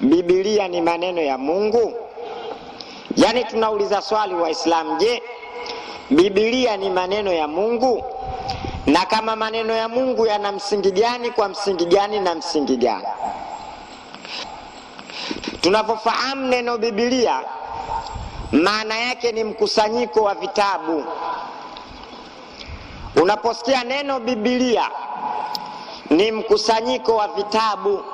Biblia ni maneno ya Mungu? Yaani tunauliza swali Waislamu, je, Biblia ni maneno ya Mungu? Na kama maneno ya Mungu yana msingi gani, kwa msingi gani na msingi gani? Tunavyofahamu neno Biblia, maana yake ni mkusanyiko wa vitabu. Unaposikia neno Biblia, ni mkusanyiko wa vitabu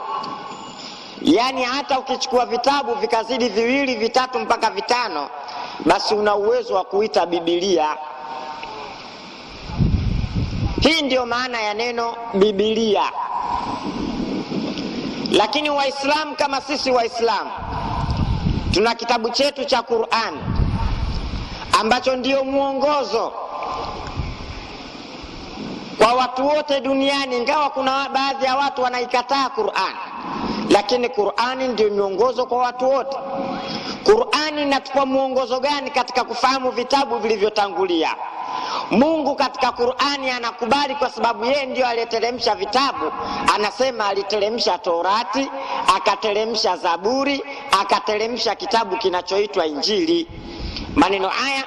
Yaani hata ukichukua vitabu vikazidi viwili vitatu mpaka vitano, basi una uwezo wa kuita Biblia. Hii ndiyo maana ya neno Biblia. Lakini Waislamu kama sisi Waislamu tuna kitabu chetu cha Qur'an ambacho ndiyo mwongozo kwa watu wote duniani, ingawa kuna baadhi ya watu wanaikataa Qur'an lakini Qur'ani ndio miongozo kwa watu wote. Qur'ani inatupa mwongozo gani katika kufahamu vitabu vilivyotangulia? Mungu katika Qur'ani anakubali kwa sababu yeye ndio aliyeteremsha vitabu. Anasema aliteremsha Torati, akateremsha Zaburi, akateremsha kitabu kinachoitwa Injili. Maneno haya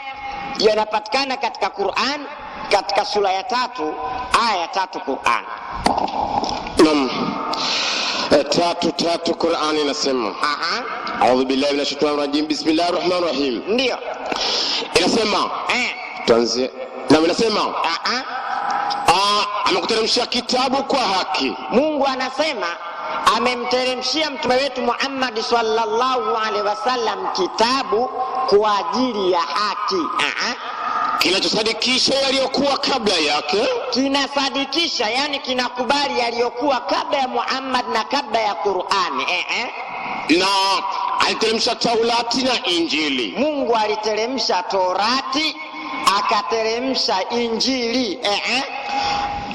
yanapatikana katika Qur'an katika sura ya tatu aya ya tatu Qur'an. Naam. Eh, tatu tatu, Qur'ani inasema aha, a'udhu billahi minash shaitani rajim, bismillahir rahmanir rahim, ndio inasema eh, tuanze na inasema aha, ah, amekuteremshia kitabu kwa haki. Mungu anasema amemteremshia mtume wetu Muhammad sallallahu alaihi wasallam kitabu kwa ajili ya haki. Aha kinachosadikisha yaliyokuwa kabla yake, kinasadikisha yani kinakubali yaliyokuwa kabla ya Muhammad na kabla ya Qur'ani. Eh, eh. Na aliteremsha Taurati na Injili. Mungu aliteremsha Torati akateremsha Injili. Eh, eh.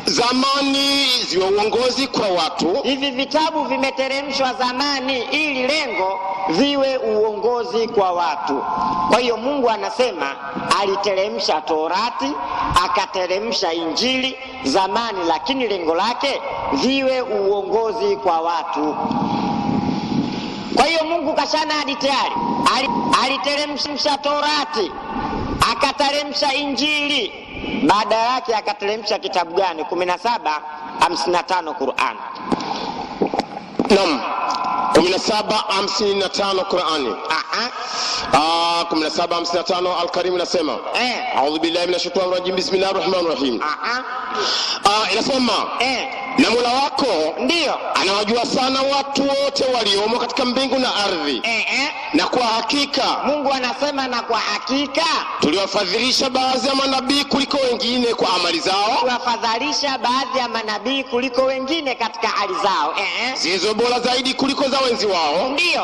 Zamani ziwa uongozi kwa watu. Hivi vitabu vimeteremshwa zamani, ili lengo ziwe uongozi kwa watu. Kwa hiyo Mungu anasema aliteremsha Torati, akateremsha Injili zamani, lakini lengo lake viwe uongozi kwa watu. Kwa hiyo Mungu kashana hadi tayari, aliteremsha Torati, akateremsha Injili, baada yake akateremsha kitabu gani? 17:55 Qur'an. Naam. 17:55 Qurani Ah ah. Ah 17:55 Al-Karim inasema eh. a'udhu billahi minash shaitani rajim bismillahir rahmanir rahim. Ah ah. Ah Inasema Eh. na Mola wako ndio anawajua sana watu wote waliomo katika mbingu na ardhi, Eh eh. na kwa hakika Mungu anasema kwa hakika tuliwafadhilisha baadhi ya manabii kuliko wengine kwa amali zao, tuliwafadhilisha baadhi ya manabii kuliko wengine katika hali zao eh, zilizo bora zaidi kuliko za wenzi wao. Ndio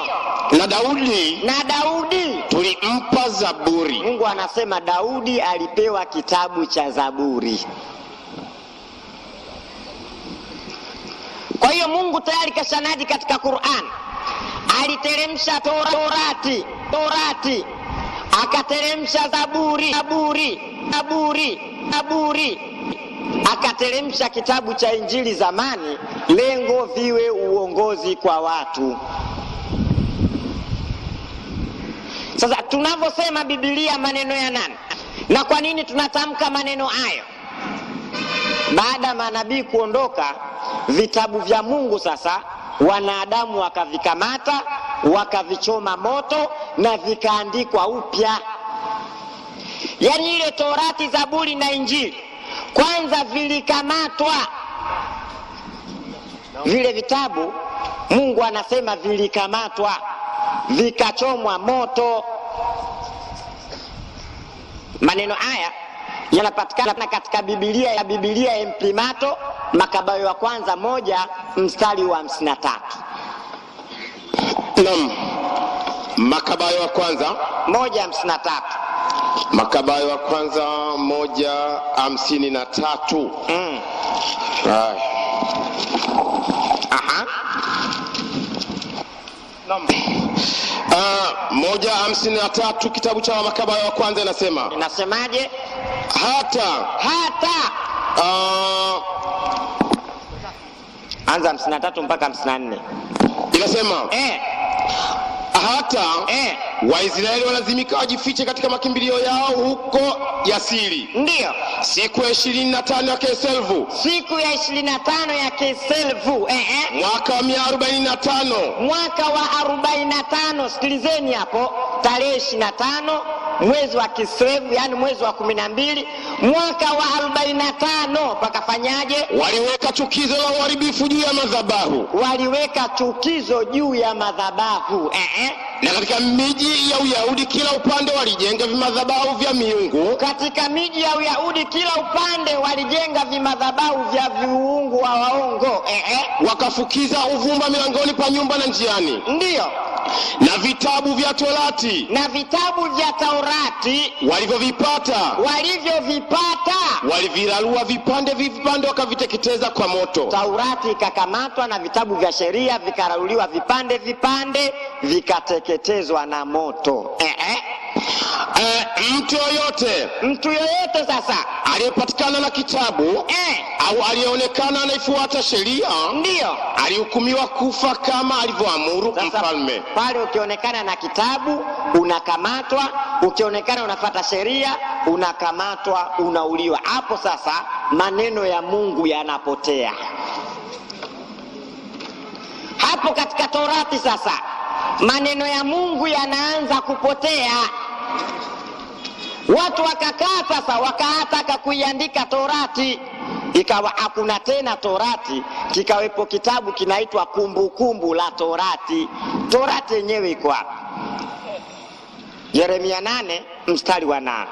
na Daudi na Daudi tulimpa Zaburi. Mungu anasema Daudi alipewa kitabu cha Zaburi. Kwa hiyo Mungu tayari kashanaji katika Qur'an, aliteremsha Torati, Torati akateremsha Zaburi, Zaburi, Zaburi, Zaburi, akateremsha kitabu cha Injili zamani, lengo viwe uongozi kwa watu. Sasa tunavyosema Biblia maneno ya nani, na kwa nini tunatamka maneno hayo? Baada ya manabii kuondoka, vitabu vya Mungu sasa wanadamu wakavikamata wakavichoma moto na vikaandikwa upya. Yaani ile Torati, Zaburi na Injili kwanza vilikamatwa vile vitabu, Mungu anasema vilikamatwa, vikachomwa moto. Maneno haya yanapatikana katika Biblia ya Biblia ya Mprimato Makabayo ya kwanza moja mstari wa hamsini na tatu. Makabayo wa kwanza moja hamsini na tatu. Makabayo wa kwanza moja hamsini na tatu. Mm. Aha. Uh, moja hamsini na tatu kitabu cha Makabayo wa kwanza inasema, inasemaje? hata hata uh, anza hamsini na tatu mpaka hamsini na nne inasema eh hata eh, Waisraeli walazimika wajifiche katika makimbilio yao huko Yasiri. ndio siku ya ishirini na tano ya Keselvu, siku ya ishirini na tano ya Keselvu eh, eh, mwaka wa mia arobaini na tano mwaka wa arobaini na tano Sikilizeni hapo tarehe ishirini na tano mwezi wa Kislevu, yani mwezi wa kumi na mbili mwaka wa arobaini na tano pakafanyaje? Waliweka chukizo la uharibifu juu ya madhabahu, waliweka chukizo juu ya madhabahu eh -eh. Na katika miji ya Uyahudi kila upande walijenga vimadhabahu vya miungu. Katika miji ya Uyahudi kila upande walijenga vimadhabahu vya viungu wa waongo eh -eh. Wakafukiza uvumba milangoni pa nyumba na njiani, ndiyo na vitabu vya Torati na vitabu vya Taurati walivyovipata walivyovipata walivirarua vipande vipande, wakaviteketeza kwa moto. Taurati ikakamatwa na vitabu vya sheria vikararuliwa vipande vipande, vikateketezwa na moto eh -eh eh, mtu yoyote mtu yoyote sasa aliyepatikana na kitabu eh, au aliyeonekana anaifuata sheria ndio alihukumiwa kufa kama alivyoamuru mfalme. Pale ukionekana na kitabu unakamatwa, ukionekana unafuata sheria unakamatwa, unauliwa. Hapo sasa maneno ya Mungu yanapotea. Hapo katika Torati sasa maneno ya Mungu yanaanza kupotea. Watu wakakaa sasa, wakaataka kuiandika Torati, ikawa hakuna tena Torati, kikawepo kitabu kinaitwa Kumbukumbu la Torati. Torati yenyewe iko hapa Yeremia 8 mstari wa nane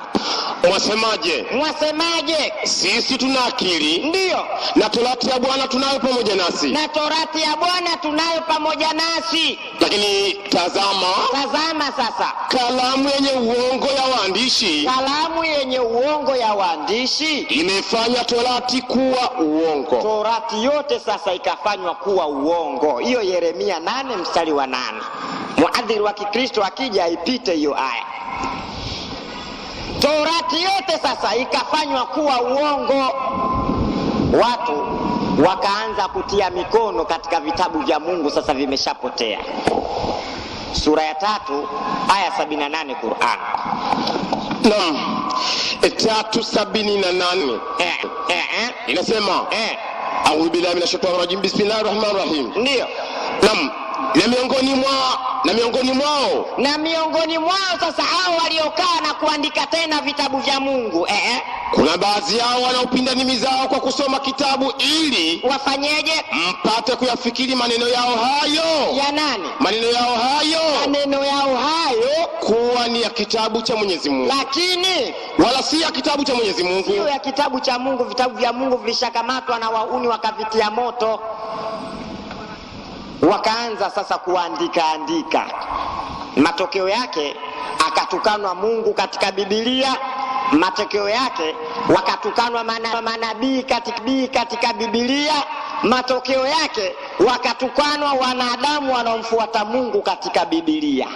Mwasemaje? Mwasemaje? Sisi tuna akili ndiyo, na torati ya Bwana tunayo pamoja nasi, na torati ya Bwana tunayo pamoja nasi. Lakini tazama, tazama sasa, kalamu yenye uongo ya waandishi, kalamu yenye uongo ya waandishi imefanya torati kuwa uongo, torati yote sasa ikafanywa kuwa uongo. Hiyo Yeremia nane mstari wa nane. Mwadhiri wa Kikristo akija aipite hiyo aya. Torati yote sasa ikafanywa kuwa uongo, watu wakaanza kutia mikono katika vitabu vya Mungu, sasa vimeshapotea. Sura ya tatu aya nane Qur'an. Naam, e, tatu sabini na nane eh, eh, eh. Inasema eh, a'udhu billahi minash shaitani rajim, bismillahir rahmanir rahim. Ndio, naam. Na miongoni mwa na miongoni mwao na miongoni mwao sasa hao waliokaa na kuandika tena vitabu vya Mungu eh, eh. Kuna baadhi yao wanaopinda nimi zao kwa kusoma kitabu ili wafanyeje? Mpate kuyafikiri maneno yao hayo ya nani? Maneno yao hayo, maneno yao hayo kuwa ni ya kitabu cha Mwenyezi Mungu, lakini wala si ya kitabu cha Mwenyezi Mungu, ya kitabu cha Mungu. Vitabu vya Mungu vilishakamatwa na wauni wakavitia moto. Wakaanza sasa kuandika andika, matokeo yake akatukanwa Mungu katika Biblia, matokeo yake wakatukanwa manabii katika, katika Biblia, matokeo yake wakatukanwa wanadamu wanaomfuata Mungu katika Biblia,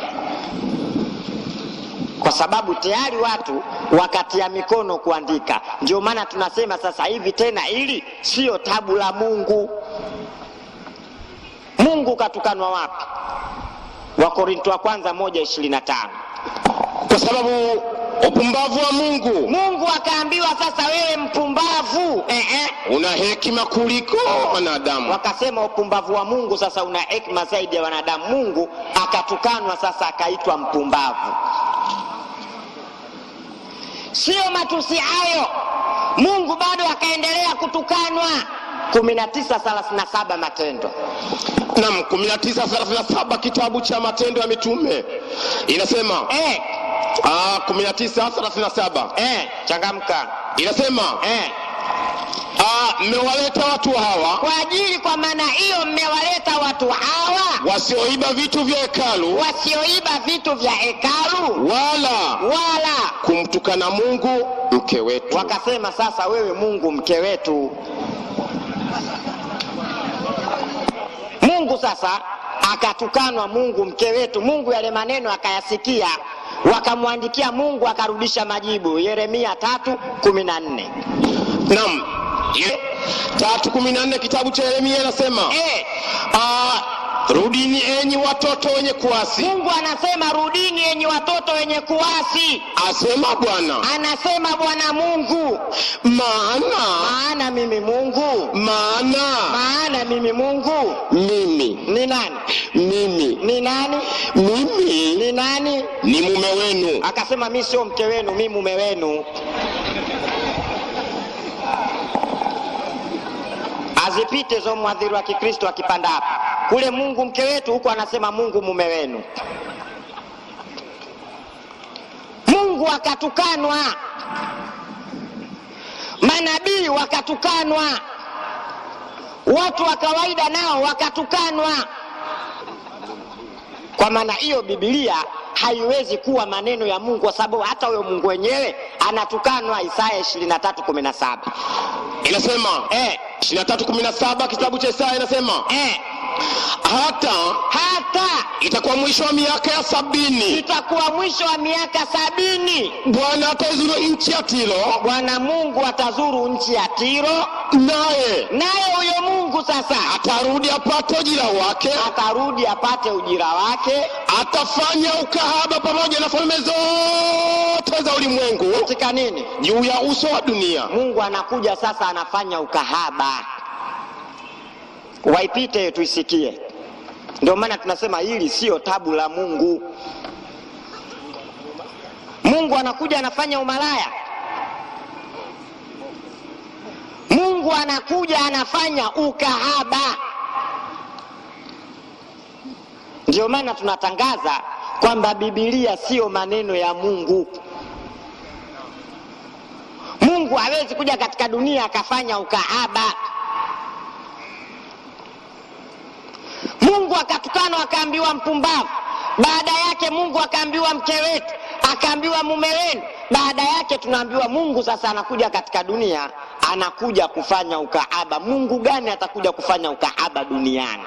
kwa sababu tayari watu wakatia mikono kuandika. Ndio maana tunasema sasa hivi tena, ili siyo tabu la Mungu Mungu katukanwa wapi? Wakorinto wa kwanza moja ishirini na tano kwa sababu upumbavu wa Mungu. Mungu akaambiwa sasa, wewe mpumbavu, -eh. eh. una hekima kuliko oh. wanadamu. Wakasema upumbavu wa Mungu sasa una hekima zaidi ya wanadamu. Mungu akatukanwa sasa, akaitwa mpumbavu. Sio matusi hayo, Mungu bado akaendelea kutukanwa. 1937 Matendo. Naam, 1937 kitabu cha Matendo ya Mitume inasema eh, ah, 1937 eh, changamka, inasema eh, ah, mmewaleta watu hawa kwa ajili, kwa maana hiyo mmewaleta watu hawa wasioiba vitu vya hekalu, wasioiba vitu vya hekalu wala wala kumtukana Mungu mke wetu. Wakasema sasa, wewe Mungu mke wetu Mungu sasa akatukanwa, Mungu mke wetu Mungu, yale maneno akayasikia, wakamwandikia Mungu akarudisha majibu. Yeremia 3:14 Naam, tatu kumi na nne kitabu cha Yeremia anasema eh, ah, Rudini enyi watoto wenye kuasi. Mungu anasema rudini enyi watoto wenye kuasi, asema Bwana, anasema Bwana Mungu. Maana maana mimi Mungu, maana maana mimi Mungu ni ni nani? Mimi. Ni nani? Mimi. Ni nani? Ni mume wenu. Akasema mi sio mke wenu, mi mume wenu. Azipite zo mwadhiri wa Kikristo akipanda hapa kule, Mungu mke wetu, huko anasema Mungu mume wenu. Mungu akatukanwa, manabii wakatukanwa watu wa kawaida nao wakatukanwa. Kwa maana hiyo, Biblia haiwezi kuwa maneno ya Mungu kwa sababu hata huyo Mungu wenyewe anatukanwa. Isaya 23:17 inasema eh, 23:17 kitabu cha Isaya inasema eh hata hata itakuwa mwisho wa miaka ya sabini itakuwa mwisho wa miaka sabini Bwana atazuru nchi ya Tiro. Bwana Mungu atazuru nchi ya Tiro, naye naye huyo Mungu sasa atarudi apate ujira wake, atarudi apate ujira wake, atafanya ukahaba pamoja na falme zote za ulimwengu katika nini, juu ya uso wa dunia. Mungu anakuja sasa, anafanya ukahaba waipite tuisikie. Ndio maana tunasema hili siyo tabu la Mungu. Mungu anakuja anafanya umalaya. Mungu anakuja anafanya ukahaba. Ndio maana tunatangaza kwamba Biblia siyo maneno ya Mungu. Mungu hawezi kuja katika dunia akafanya ukahaba. Mungu akakutana akaambiwa mpumbavu. Baada yake Mungu akaambiwa mke wetu, akaambiwa mume wenu. Baada yake tunaambiwa Mungu sasa anakuja katika dunia, anakuja kufanya ukaaba. Mungu gani atakuja kufanya ukaaba duniani?